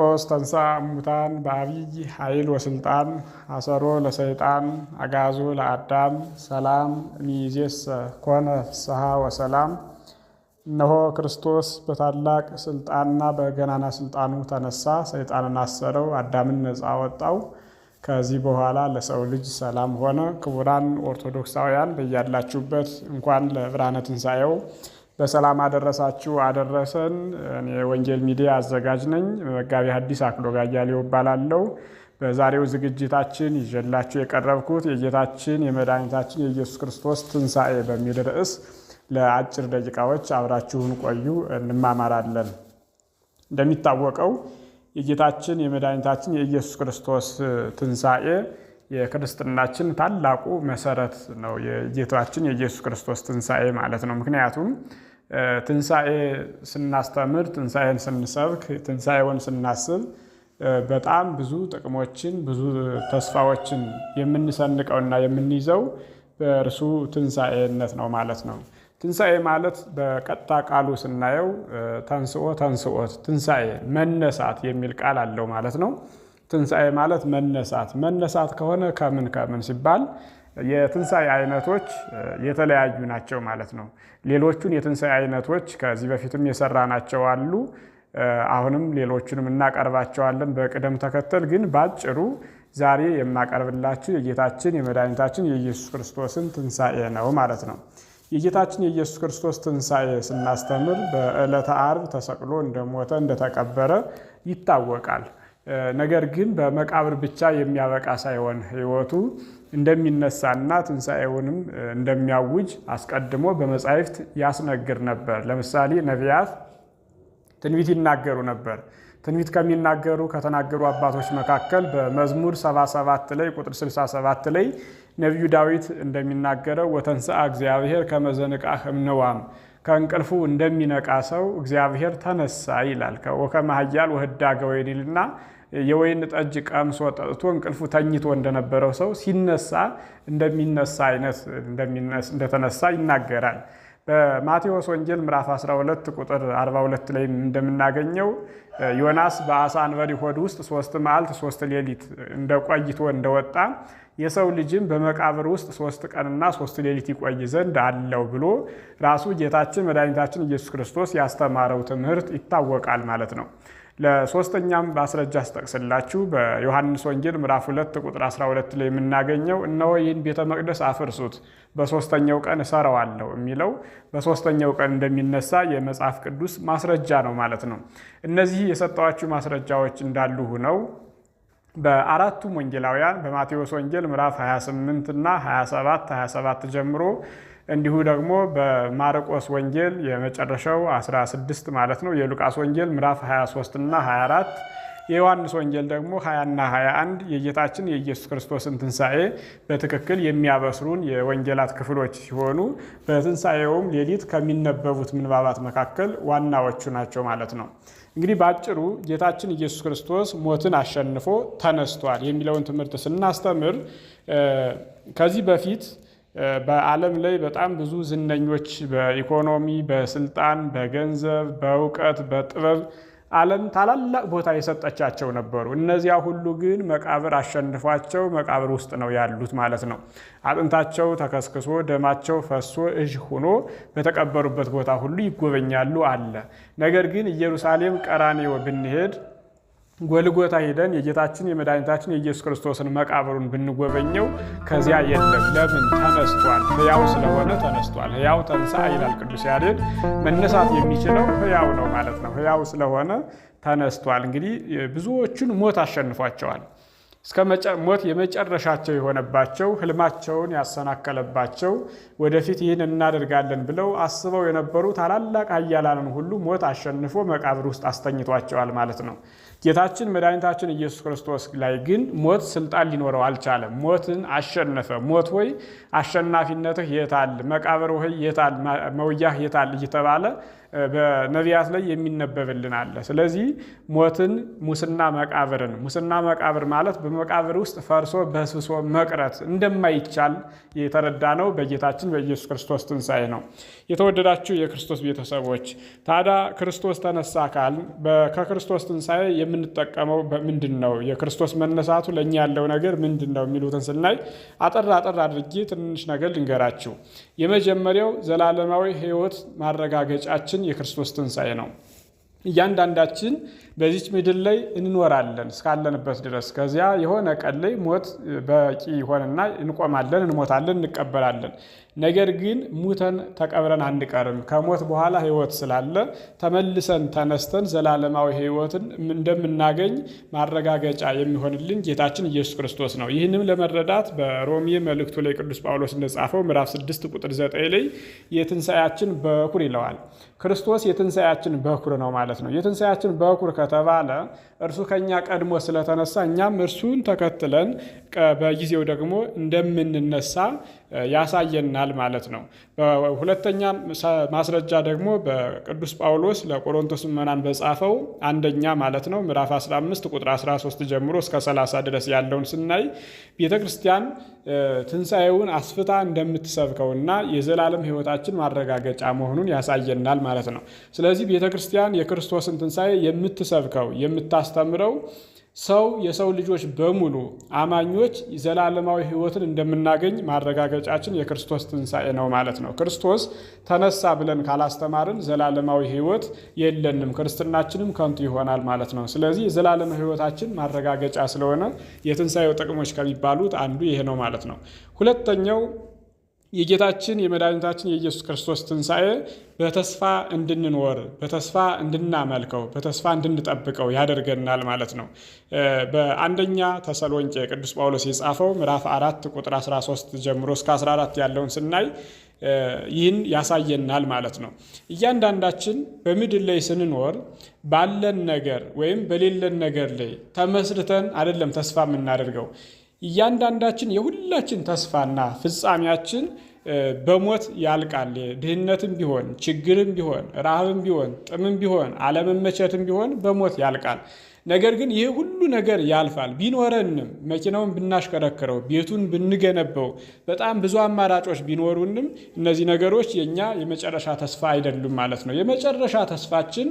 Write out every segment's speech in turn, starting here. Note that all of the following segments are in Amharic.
ክርስቶስ ተንሥአ እሙታን በአብይ ኃይል ወስልጣን አሰሮ ለሰይጣን አጋዞ ለአዳም ሰላም ሚዜስ ኮነ ፍስሐ ወሰላም። እነሆ ክርስቶስ በታላቅ ስልጣንና በገናና ስልጣኑ ተነሳ፣ ሰይጣንን አሰረው፣ አዳምን ነፃ ወጣው። ከዚህ በኋላ ለሰው ልጅ ሰላም ሆነ። ክቡራን ኦርቶዶክሳውያን በያላችሁበት እንኳን ለብርሃነ ትንሣኤው በሰላም አደረሳችሁ አደረሰን። እኔ ወንጌል ሚዲያ አዘጋጅ ነኝ። መጋቢ ሐዲስ አክሎግ አያሌው እባላለሁ። በዛሬው ዝግጅታችን ይዤላችሁ የቀረብኩት የጌታችን የመድኃኒታችን የኢየሱስ ክርስቶስ ትንሣኤ በሚል ርዕስ ለአጭር ደቂቃዎች አብራችሁን ቆዩ፣ እንማማራለን። እንደሚታወቀው የጌታችን የመድኃኒታችን የኢየሱስ ክርስቶስ ትንሣኤ የክርስትናችን ታላቁ መሰረት ነው። የጌታችን የኢየሱስ ክርስቶስ ትንሣኤ ማለት ነው። ምክንያቱም ትንሣኤ ስናስተምር፣ ትንሣኤን ስንሰብክ፣ ትንሣኤውን ስናስብ በጣም ብዙ ጥቅሞችን ብዙ ተስፋዎችን የምንሰንቀውና የምንይዘው በእርሱ ትንሣኤነት ነው ማለት ነው። ትንሣኤ ማለት በቀጥታ ቃሉ ስናየው ተንስኦ ተንስኦት ትንሣኤ መነሳት የሚል ቃል አለው ማለት ነው። ትንሣኤ ማለት መነሳት መነሳት ከሆነ ከምን ከምን ሲባል የትንሣኤ አይነቶች የተለያዩ ናቸው ማለት ነው። ሌሎቹን የትንሣኤ አይነቶች ከዚህ በፊትም የሰራ ናቸው አሉ። አሁንም ሌሎቹንም እናቀርባቸዋለን በቅደም ተከተል ግን ባጭሩ ዛሬ የማቀርብላችሁ የጌታችን የመድኃኒታችን የኢየሱስ ክርስቶስን ትንሣኤ ነው ማለት ነው። የጌታችን የኢየሱስ ክርስቶስ ትንሣኤ ስናስተምር በዕለተ ዓርብ ተሰቅሎ እንደሞተ እንደተቀበረ ይታወቃል። ነገር ግን በመቃብር ብቻ የሚያበቃ ሳይሆን ህይወቱ እንደሚነሳና ትንሣኤውንም እንደሚያውጅ አስቀድሞ በመጻሕፍት ያስነግር ነበር። ለምሳሌ ነቢያት ትንቢት ይናገሩ ነበር። ትንቢት ከሚናገሩ ከተናገሩ አባቶች መካከል በመዝሙር 77 ላይ ቁጥር 67 ላይ ነቢዩ ዳዊት እንደሚናገረው ወተንሥአ እግዚአብሔር ከመዘንቃህ እምነዋም ከእንቅልፉ እንደሚነቃ ሰው እግዚአብሔር ተነሳ ይላል። ወከመ ኃያል ወህዳገ ወይኒልና የወይን ጠጅ ቀምሶ ጠጥቶ እንቅልፉ ተኝቶ እንደነበረው ሰው ሲነሳ እንደሚነሳ አይነት እንደተነሳ ይናገራል። በማቴዎስ ወንጌል ምዕራፍ 12 ቁጥር 42 ላይ እንደምናገኘው ዮናስ በአሳ አንበሪ ሆድ ውስጥ ሶስት መዓልት ሶስት ሌሊት እንደቆይቶ እንደወጣ የሰው ልጅም በመቃብር ውስጥ ሶስት ቀንና ሶስት ሌሊት ይቆይ ዘንድ አለው ብሎ ራሱ ጌታችን መድኃኒታችን ኢየሱስ ክርስቶስ ያስተማረው ትምህርት ይታወቃል ማለት ነው። ለሶስተኛም ማስረጃ አስጠቅስላችሁ በዮሐንስ ወንጌል ምዕራፍ 2 ቁጥር 12 ላይ የምናገኘው እነሆ ይህን ቤተ መቅደስ አፍርሱት፣ በሶስተኛው ቀን እሰራዋለሁ የሚለው በሶስተኛው ቀን እንደሚነሳ የመጽሐፍ ቅዱስ ማስረጃ ነው ማለት ነው። እነዚህ የሰጠዋችሁ ማስረጃዎች እንዳሉ ሁነው በአራቱም ወንጌላውያን በማቴዎስ ወንጌል ምዕራፍ 28 እና 27 27 ጀምሮ እንዲሁ ደግሞ በማርቆስ ወንጌል የመጨረሻው 16 ማለት ነው የሉቃስ ወንጌል ምዕራፍ 23 እና 24 የዮሐንስ ወንጌል ደግሞ 20ና 21 የጌታችን የኢየሱስ ክርስቶስን ትንሣኤ በትክክል የሚያበስሩን የወንጌላት ክፍሎች ሲሆኑ በትንሣኤውም ሌሊት ከሚነበቡት ምንባባት መካከል ዋናዎቹ ናቸው ማለት ነው። እንግዲህ በአጭሩ ጌታችን ኢየሱስ ክርስቶስ ሞትን አሸንፎ ተነስቷል የሚለውን ትምህርት ስናስተምር ከዚህ በፊት በዓለም ላይ በጣም ብዙ ዝነኞች በኢኮኖሚ፣ በስልጣን፣ በገንዘብ፣ በእውቀት፣ በጥበብ ዓለም ታላላቅ ቦታ የሰጠቻቸው ነበሩ። እነዚያ ሁሉ ግን መቃብር አሸንፏቸው መቃብር ውስጥ ነው ያሉት ማለት ነው። አጥንታቸው ተከስክሶ ደማቸው ፈሶ እዥ ሆኖ በተቀበሩበት ቦታ ሁሉ ይጎበኛሉ አለ። ነገር ግን ኢየሩሳሌም ቀራኔዎ ብንሄድ ጎልጎታ ሄደን የጌታችን የመድኃኒታችን የኢየሱስ ክርስቶስን መቃብሩን ብንጎበኘው ከዚያ የለም። ለምን? ተነስቷል። ሕያው ስለሆነ ተነስቷል። ሕያው ተንሳ ይላል ቅዱስ ያሬድ። መነሳት የሚችለው ሕያው ነው ማለት ነው። ሕያው ስለሆነ ተነስቷል። እንግዲህ ብዙዎቹን ሞት አሸንፏቸዋል። እስከ ሞት የመጨረሻቸው የሆነባቸው ህልማቸውን ያሰናከለባቸው ወደፊት ይህን እናደርጋለን ብለው አስበው የነበሩ ታላላቅ ኃያላንን ሁሉ ሞት አሸንፎ መቃብር ውስጥ አስተኝቷቸዋል ማለት ነው። ጌታችን መድኃኒታችን ኢየሱስ ክርስቶስ ላይ ግን ሞት ስልጣን ሊኖረው አልቻለም። ሞትን አሸነፈ። ሞት ሆይ አሸናፊነትህ የታል? መቃብር ሆይ የታል? መውያህ የታል? እየተባለ በነቢያት ላይ የሚነበብልን አለ። ስለዚህ ሞትን፣ ሙስና መቃብርን ሙስና መቃብር ማለት በመቃብር ውስጥ ፈርሶ በስሶ መቅረት እንደማይቻል የተረዳ ነው በጌታችን በኢየሱስ ክርስቶስ ትንሣኤ ነው። የተወደዳችሁ የክርስቶስ ቤተሰቦች ታዲያ ክርስቶስ ተነሳ አካል ከክርስቶስ ትንሣኤ የምንጠቀመው ምንድን ነው? የክርስቶስ መነሳቱ ለእኛ ያለው ነገር ምንድን ነው? የሚሉትን ስናይ አጠር አጠር አድርጌ ትንሽ ነገር ልንገራችሁ። የመጀመሪያው ዘላለማዊ ሕይወት ማረጋገጫችን ተስፋችን የክርስቶስ ትንሣኤ ነው። እያንዳንዳችን በዚች ምድር ላይ እንኖራለን እስካለንበት ድረስ። ከዚያ የሆነ ቀን ላይ ሞት በቂ ይሆንና እንቆማለን፣ እንሞታለን፣ እንቀበላለን። ነገር ግን ሙተን ተቀብረን አንቀርም። ከሞት በኋላ ሕይወት ስላለ ተመልሰን ተነስተን ዘላለማዊ ሕይወትን እንደምናገኝ ማረጋገጫ የሚሆንልን ጌታችን ኢየሱስ ክርስቶስ ነው። ይህንም ለመረዳት በሮሜ መልእክቱ ላይ ቅዱስ ጳውሎስ እንደጻፈው ምዕራፍ 6 ቁጥር 9 ላይ የትንሣኤያችን በኩር ይለዋል። ክርስቶስ የትንሳያችን በኩር ነው ማለት ነው። የትንሣኤያችን በኩር ከተባለ እርሱ ከእኛ ቀድሞ ስለተነሳ እኛም እርሱን ተከትለን በጊዜው ደግሞ እንደምንነሳ ያሳየናል ይሆናል ማለት ነው። በሁለተኛ ማስረጃ ደግሞ በቅዱስ ጳውሎስ ለቆሮንቶስ ምዕመናን በጻፈው አንደኛ ማለት ነው ምዕራፍ 15 ቁጥር 13 ጀምሮ እስከ 30 ድረስ ያለውን ስናይ ቤተ ክርስቲያን ትንሣኤውን አስፍታ እንደምትሰብከውና የዘላለም ሕይወታችን ማረጋገጫ መሆኑን ያሳየናል ማለት ነው። ስለዚህ ቤተ ክርስቲያን የክርስቶስን ትንሣኤ የምትሰብከው የምታስተምረው ሰው የሰው ልጆች በሙሉ አማኞች ዘላለማዊ ሕይወትን እንደምናገኝ ማረጋገጫችን የክርስቶስ ትንሣኤ ነው ማለት ነው። ክርስቶስ ተነሳ ብለን ካላስተማርን ዘላለማዊ ሕይወት የለንም፣ ክርስትናችንም ከንቱ ይሆናል ማለት ነው። ስለዚህ የዘላለም ሕይወታችን ማረጋገጫ ስለሆነ የትንሣኤው ጥቅሞች ከሚባሉት አንዱ ይሄ ነው ማለት ነው። ሁለተኛው የጌታችን የመድኃኒታችን የኢየሱስ ክርስቶስ ትንሣኤ በተስፋ እንድንኖር በተስፋ እንድናመልከው በተስፋ እንድንጠብቀው ያደርገናል ማለት ነው። በአንደኛ ተሰሎንቄ ቅዱስ ጳውሎስ የጻፈው ምዕራፍ 4 ቁጥር 13 ጀምሮ እስከ 14 ያለውን ስናይ ይህን ያሳየናል ማለት ነው። እያንዳንዳችን በምድር ላይ ስንኖር ባለን ነገር ወይም በሌለን ነገር ላይ ተመስርተን አይደለም ተስፋ የምናደርገው እያንዳንዳችን የሁላችን ተስፋና ፍጻሜያችን በሞት ያልቃል። ድህነትም ቢሆን ችግርም ቢሆን ረሃብም ቢሆን ጥምም ቢሆን አለመመቸትም ቢሆን በሞት ያልቃል። ነገር ግን ይህ ሁሉ ነገር ያልፋል። ቢኖረንም መኪናውን ብናሽከረክረው፣ ቤቱን ብንገነበው፣ በጣም ብዙ አማራጮች ቢኖሩንም እነዚህ ነገሮች የእኛ የመጨረሻ ተስፋ አይደሉም ማለት ነው። የመጨረሻ ተስፋችን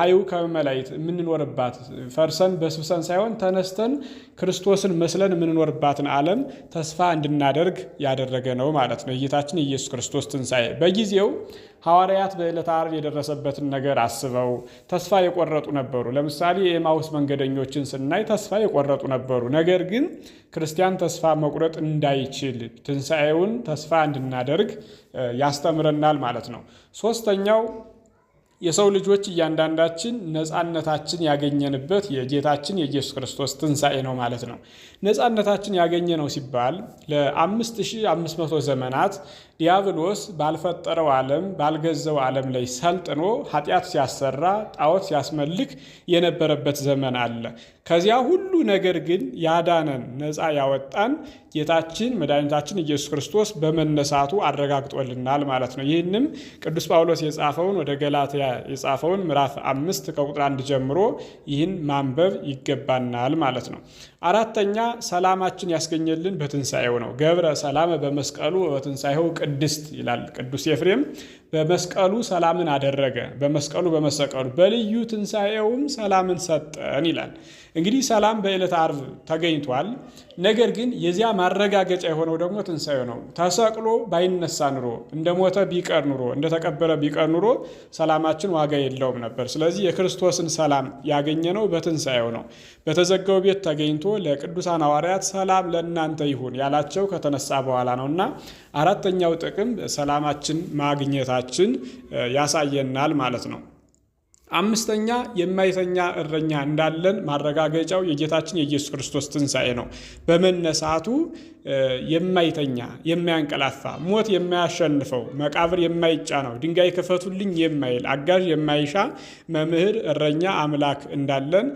ሀይው ከመላይት የምንኖርባት ፈርሰን በስብሰን ሳይሆን ተነስተን ክርስቶስን መስለን የምንኖርባትን ዓለም ተስፋ እንድናደርግ ያደረገ ነው ማለት ነው። ጌታችን ኢየሱስ ክርስቶስ ትንሣኤ በጊዜው ሐዋርያት በዕለተ ዓርብ የደረሰበትን ነገር አስበው ተስፋ የቆረጡ ነበሩ። ለምሳሌ የኤማውስ መንገደኞችን ስናይ ተስፋ የቆረጡ ነበሩ። ነገር ግን ክርስቲያን ተስፋ መቁረጥ እንዳይችል ትንሣኤውን ተስፋ እንድናደርግ ያስተምረናል ማለት ነው። ሶስተኛው የሰው ልጆች እያንዳንዳችን ነፃነታችን ያገኘንበት የጌታችን የኢየሱስ ክርስቶስ ትንሣኤ ነው ማለት ነው። ነፃነታችን ያገኘ ነው ሲባል ለ5500 ዘመናት ዲያብሎስ ባልፈጠረው ዓለም ባልገዘው ዓለም ላይ ሰልጥኖ ኃጢአት ሲያሰራ ጣዖት ሲያስመልክ የነበረበት ዘመን አለ። ከዚያ ሁሉ ነገር ግን ያዳነን ነፃ ያወጣን ጌታችን መድኃኒታችን ኢየሱስ ክርስቶስ በመነሳቱ አረጋግጦልናል ማለት ነው። ይህንም ቅዱስ ጳውሎስ የጻፈውን ወደ ገላትያ የጻፈውን ምዕራፍ አምስት ከቁጥር አንድ ጀምሮ ይህን ማንበብ ይገባናል ማለት ነው። አራተኛ ሰላማችን ያስገኘልን በትንሣኤው ነው። ገብረ ሰላም በመስቀሉ በትንሣኤው ቅድስት ይላል ቅዱስ ኤፍሬም። በመስቀሉ ሰላምን አደረገ፣ በመስቀሉ በመሰቀሉ በልዩ ትንሣኤውም ሰላምን ሰጠን ይላል። እንግዲህ ሰላም በዕለት አርብ ተገኝቷል። ነገር ግን የዚያ ማረጋገጫ የሆነው ደግሞ ትንሣኤው ነው። ተሰቅሎ ባይነሳ ኑሮ እንደ ሞተ ቢቀር ኑሮ እንደተቀበረ ቢቀር ኑሮ ሰላማችን ዋጋ የለውም ነበር። ስለዚህ የክርስቶስን ሰላም ያገኘነው በትንሣኤው ነው። በተዘጋው ቤት ተገኝቶ ለቅዱሳን ሐዋርያት ሰላም ለእናንተ ይሁን ያላቸው ከተነሳ በኋላ ነው እና አራተኛው ጥቅም ሰላማችን ማግኘታችን ያሳየናል ማለት ነው። አምስተኛ የማይተኛ እረኛ እንዳለን ማረጋገጫው የጌታችን የኢየሱስ ክርስቶስ ትንሣኤ ነው። በመነሳቱ የማይተኛ የማያንቀላፋ፣ ሞት የማያሸንፈው፣ መቃብር የማይጫነው፣ ድንጋይ ክፈቱልኝ የማይል፣ አጋዥ የማይሻ መምህር እረኛ አምላክ እንዳለን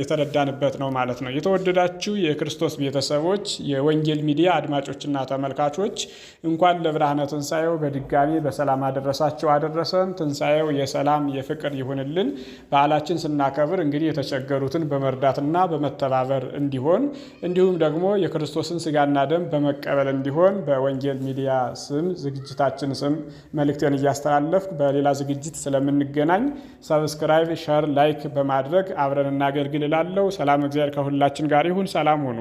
የተረዳንበት ነው ማለት ነው። የተወደዳችሁ የክርስቶስ ቤተሰቦች፣ የወንጌል ሚዲያ አድማጮችና ተመልካቾች እንኳን ለብርሃነ ትንሣኤው በድጋሚ በሰላም አደረሳቸው አደረሰን። ትንሣኤው የሰላም የፍቅር ይሁንልን። በዓላችን ስናከብር እንግዲህ የተቸገሩትን በመርዳትና በመተባበር እንዲሆን እንዲሁም ደግሞ የክርስቶስን ስጋና ደም በመቀበል እንዲሆን በወንጌል ሚዲያ ስም ዝግጅታችን ስም መልእክቴን እያስተላለፍኩ በሌላ ዝግጅት ስለምንገናኝ ሰብስክራይብ፣ ሸር፣ ላይክ በማድረግ አብረን እናገልግል እላለሁ። ሰላም እግዚአብሔር ከሁላችን ጋር ይሁን። ሰላም ሁኑ።